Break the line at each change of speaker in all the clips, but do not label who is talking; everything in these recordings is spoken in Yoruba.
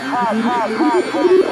hot, hot, hot, hot.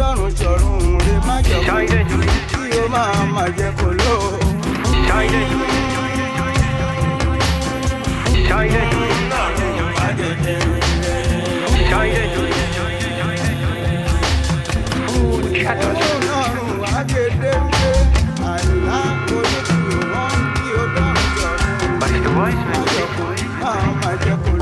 dọ́run ṣọ̀run rè má jẹ́ kó kí o máa má jẹ́ kó lò ó. Ọlọ́run àgèdè rẹ̀ àìlá oníkìlọ̀ wọn kí o dọ́run ṣọ̀run rè won